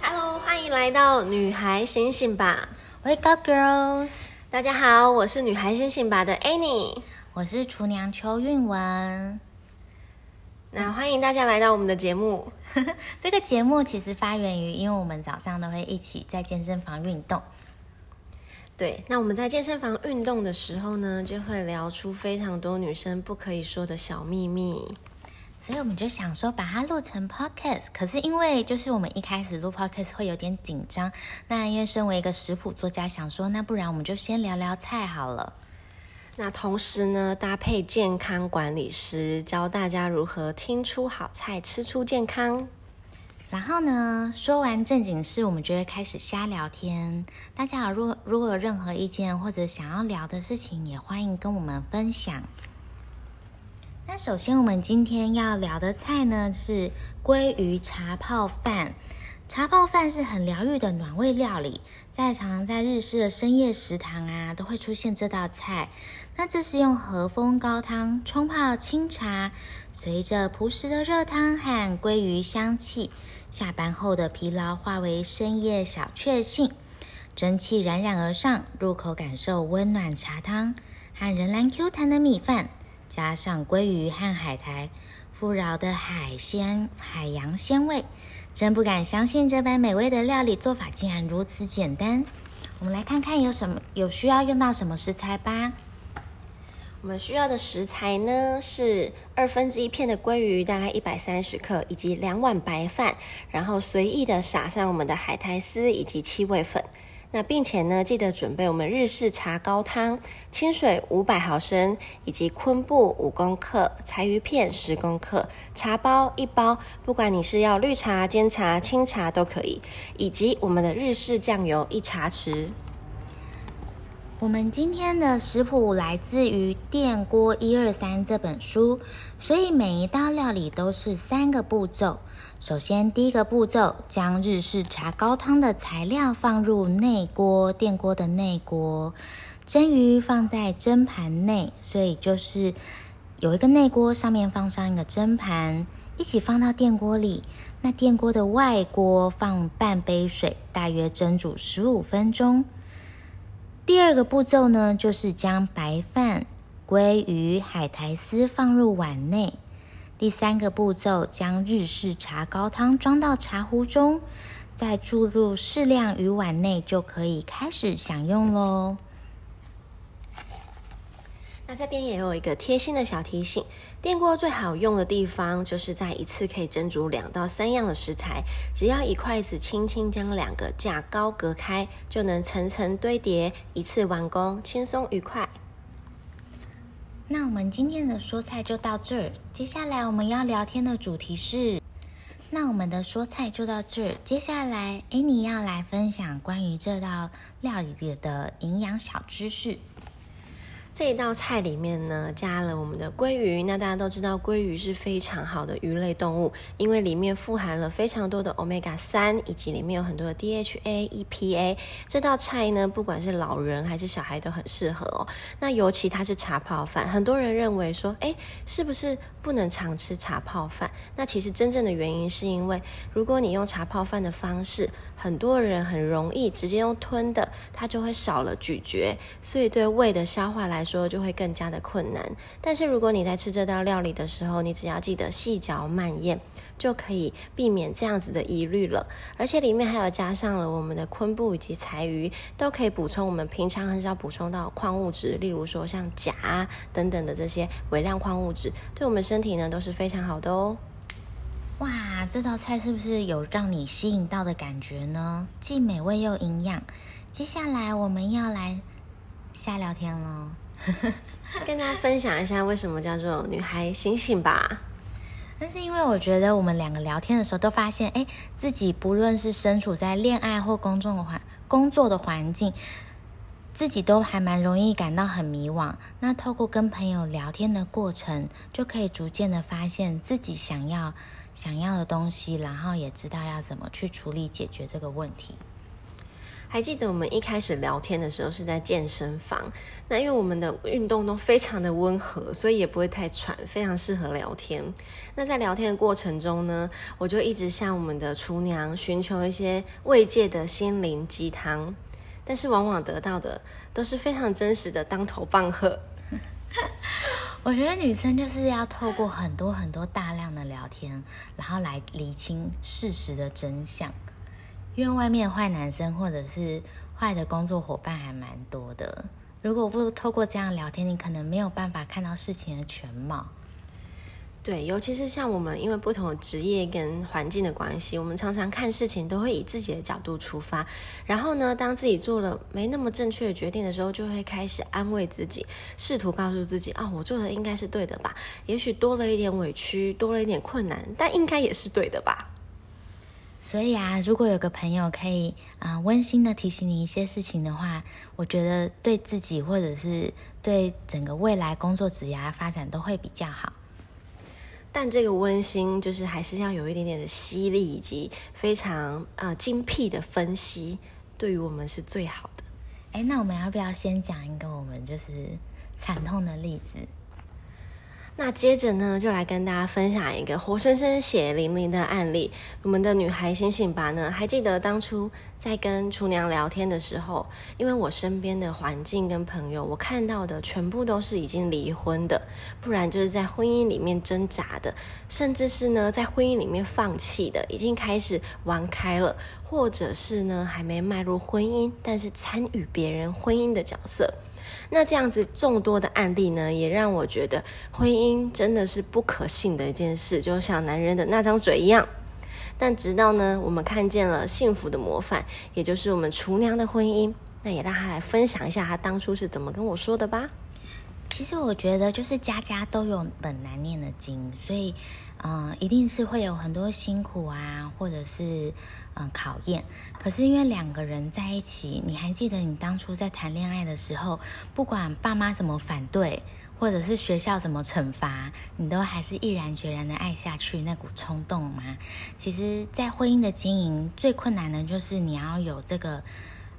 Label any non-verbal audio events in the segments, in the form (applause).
Hello，歡迎來到女孩醒醒吧，Wake Up got Girls！大家好，我是女孩醒醒吧的 Annie，我是廚娘邱韻文。那歡迎大家來到我們的節目。 (laughs) 這個節目其實發源於，因為我們早上都會一起在健身房運動。對，那我們在健身房運動的時候呢，就會聊出非常多女生不可以說的小祕密。所以我們就想說把它錄成 podcast，可是因為就是我們一開始錄 podcast 會有點緊張，那因為身為一個食譜作家，想說那不然我們就先聊聊菜好了。那同時呢，搭配健康管理師教大家如何聽出好菜、吃出健康。然後呢，說完正經事，我們就會開始瞎聊天。大家好，如果如果有任何意見或者想要聊的事情，也歡迎跟我們分享。那首先，我們今天要聊的菜呢，是鮭魚茶泡飯。茶泡飯是很療癒的暖胃料理，在常常在日式的深夜食堂啊，都會出現這道菜。那這是用和風高湯沖泡清茶，隨着樸實的熱湯和鮭魚香氣，下班後的疲勞化為深夜小確幸。蒸汽冉冉而上，入口感受溫暖茶湯和仍然 Q 彈的米飯。加上鮭魚和海苔，富饒的海鮮海洋鮮味，真不敢相信這般美味的料理做法竟然如此簡單。我們來看看有什麼，有需要用到什麼食材吧。我們需要的食材呢是二分之一片的鮭魚，大概一百三十克，以及兩碗白飯，然後隨意的撒上我們的海苔絲以及七味粉。那並且呢，記得準備我們日式茶高湯，清水五百毫升，以及昆布五公克，柴魚片十公克，茶包一包，不管你是要綠茶、煎茶、清茶都可以，以及我們的日式醬油一茶匙。我們今天的食譜來自於《電鍋一二三》這本書，所以每一道料理都是三個步驟。首先，第一個步驟，將日式茶高湯的材料放入內鍋，電鍋的內鍋，蒸魚放在蒸盤內，所以就是有一個內鍋，上面放上一個蒸盤，一起放到電鍋裡。那電鍋的外鍋放半杯水，大約蒸煮十五分鐘。第二個步驟呢，就是將白飯、鮭魚、海苔絲放入碗內。第三個步驟，將日式茶高湯裝到茶壺中，再注入適量於碗內，就可以開始享用嘍。那、啊、這邊也有一個貼心的小提醒，電鍋最好用的地方就是在一次可以蒸煮兩到三樣的食材，只要一筷子輕輕將兩個架高隔開，就能層層堆疊，一次完工，輕鬆愉快。那我們今天的說菜就到這兒，接下來我們要聊天的主題是，那我們的說菜就到這兒，接下來，Annie 要來分享關於這道料理的營養小知識。這一道菜裡面呢，加了我們的鮭魚。那大家都知道，鮭魚是非常好的魚類動物，因為裡面富含了非常多的歐米伽三，以及裡面有很多的 DHA、EPA。這道菜呢，不管是老人還是小孩都很適合哦。那尤其它是茶泡飯，很多人認為說，哎，是不是不能常吃茶泡飯？那其實真正的原因是因為，如果你用茶泡飯的方式，很多人很容易直接用吞的，它就會少了咀嚼，所以對胃的消化來說。說就會更加的困難，但是如果你在吃這道料理的時候，你只要記得細嚼慢嚥，就可以避免這樣子的疑慮了。而且裡面還有加上了我們的昆布以及柴魚，都可以補充我們平常很少補充到的礦物質，例如說像鉀等等的這些微量礦物質，對我們身體呢都是非常好的哦。哇，這道菜是不是有讓你吸引到的感覺呢？既美味又營養。接下來我們要來瞎聊天嘍。 (laughs) 跟大家分享一下為什麼叫做“女孩醒醒”吧。那是因為我覺得我們兩個聊天的時候都發現，哎、欸，自己不論是身處在戀愛或工作的環工作的環境，自己都還蠻容易感到很迷惘。那透過跟朋友聊天的過程，就可以逐漸的發現自己想要想要的東西，然後也知道要怎麼去處理解決這個問題。還記得我們一開始聊天的時候是在健身房，那因為我們的運動都非常的溫和，所以也不會太喘，非常適合聊天。那在聊天的過程中呢，我就一直向我們的廚娘尋求一些慰藉的心靈雞湯，但是往往得到的都是非常真實的當頭棒喝。 (laughs) 我覺得女生就是要透過很多很多大量的聊天，然後來釐清事實的真相。因為外面壞男生或者是壞的工作夥伴還蠻多的，如果不透過這樣聊天，你可能沒有辦法看到事情的全貌。對，尤其是像我們，因為不同的職業跟環境的關係，我們常常看事情都會以自己的角度出發。然後呢，當自己做了沒那麼正確的決定的時候，就會開始安慰自己，試圖告訴自己：啊，我做的應該是對的吧？也許多了一點委屈，多了一點困難，但應該也是對的吧？所以啊，如果有個朋友可以啊、呃、溫馨的提醒你一些事情的話，我覺得對自己或者是對整個未來工作、職涯發展都會比較好。但這個溫馨就是還是要有一點點的犀利以及非常呃精闢的分析，對於我們是最好的。哎，那我們要不要先講一個我們就是慘痛的例子？那接着呢，就來跟大家分享一個活生生、血淋淋的案例。我們的女孩醒醒吧呢，還記得當初在跟廚娘聊天的時候，因為我身邊的環境跟朋友，我看到的全部都是已經離婚的，不然就是在婚姻裡面掙扎的，甚至是呢在婚姻裡面放棄的，已經開始玩開了，或者是呢還沒邁入婚姻，但是參與別人婚姻的角色。那這樣子眾多的案例呢，也讓我覺得婚姻真的是不可信的一件事，就像男人的那張嘴一樣。但直到呢，我們看見了幸福的模範，也就是我們廚娘的婚姻，那也讓她來分享一下她當初是怎麼跟我說的吧。其實我覺得就是家家都有本難念的經，所以。嗯，一定是會有很多辛苦啊，或者是嗯、考驗。可是因為兩個人在一起，你還記得你當初在談戀愛的時候，不管爸媽怎麼反對，或者是學校怎麼懲罰，你都還是毅然決然的愛下去那股衝動嗎？其實，在婚姻的經營最困難的，就是你要有這個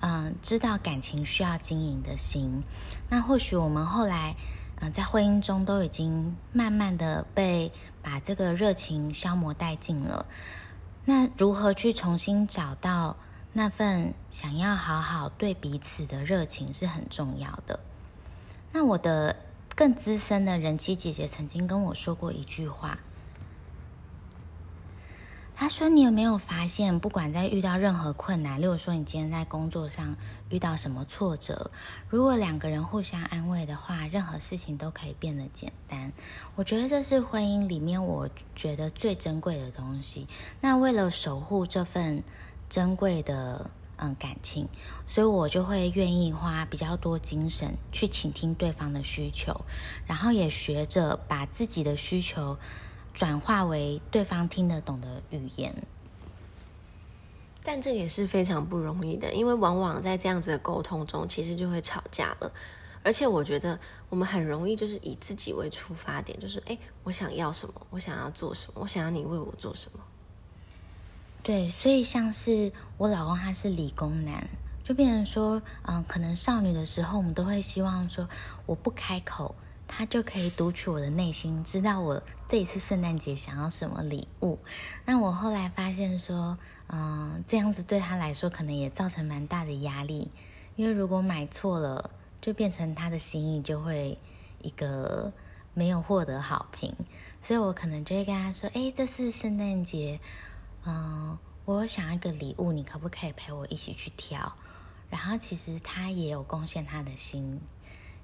嗯，知道感情需要經營的心。那或許我們後來。嗯，在婚姻中都已經慢慢的被把這個熱情消磨殆盡了，那如何去重新找到那份想要好好對彼此的熱情是很重要的。那我的更資深的人妻姐姐曾經跟我說過一句話。他說：“你有沒有發現，不管在遇到任何困難，例如說你今天在工作上遇到什麼挫折，如果兩個人互相安慰的話，任何事情都可以變得簡單。我覺得這是婚姻裡面我覺得最珍貴的東西。那為了守護這份珍貴的，嗯，感情，所以我就會願意花比較多精神去傾聽對方的需求，然後也學着把自己的需求。”轉化為對方聽得懂的語言，但這也是非常不容易的，因為往往在這樣子的溝通中，其實就會吵架了。而且我覺得我們很容易就是以自己為出發點，就是誒，我想要什麼，我想要做什麼，我想要你為我做什麼。對，所以像是我老公他是理工男，就變成說，嗯，可能少女的時候，我們都會希望說，我不開口。他就可以讀取我的內心，知道我這一次聖誕節想要什麼禮物。那我後來發現說，嗯、呃，這樣子對他來說可能也造成蠻大的壓力，因為如果買錯了，就變成他的心意就會一個沒有獲得好評。所以我可能就會跟他說，誒，這次聖誕節，嗯、呃，我想要一個禮物，你可不可以陪我一起去挑？然後其實他也有貢獻他的心。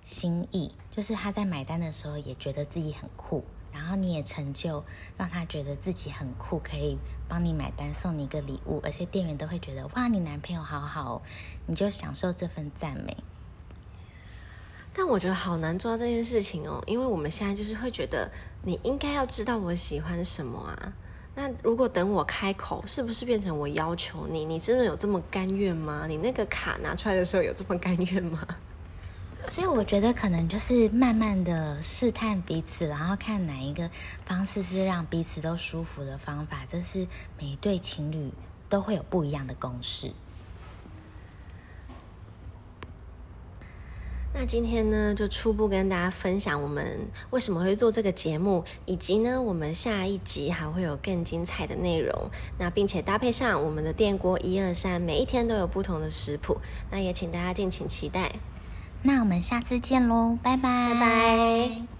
心意就是他在買單的時候也覺得自己很酷，然後你也成就讓他覺得自己很酷，可以幫你買單送你一個禮物，而且店員都會覺得哇，你男朋友好好哦，你就享受這份讚美。但我覺得好難做到這件事情哦，因為我們現在就是會覺得你應該要知道我喜歡什麼啊。那如果等我開口，是不是變成我要求你？你真的有這麼甘願嗎？你那個卡拿出來的時候有這麼甘願嗎？所以我覺得可能就是慢慢的試探彼此，然後看哪一個方式是讓彼此都舒服的方法。這是每一對情侶都會有不一樣的公式。那今天呢，就初步跟大家分享我們為什麼會做這個節目，以及呢，我們下一集還會有更精彩的內容。那並且搭配上我們的電鍋一二三，每一天都有不同的食譜。那也請大家敬請期待。那我們下次見嘍，拜拜。拜拜。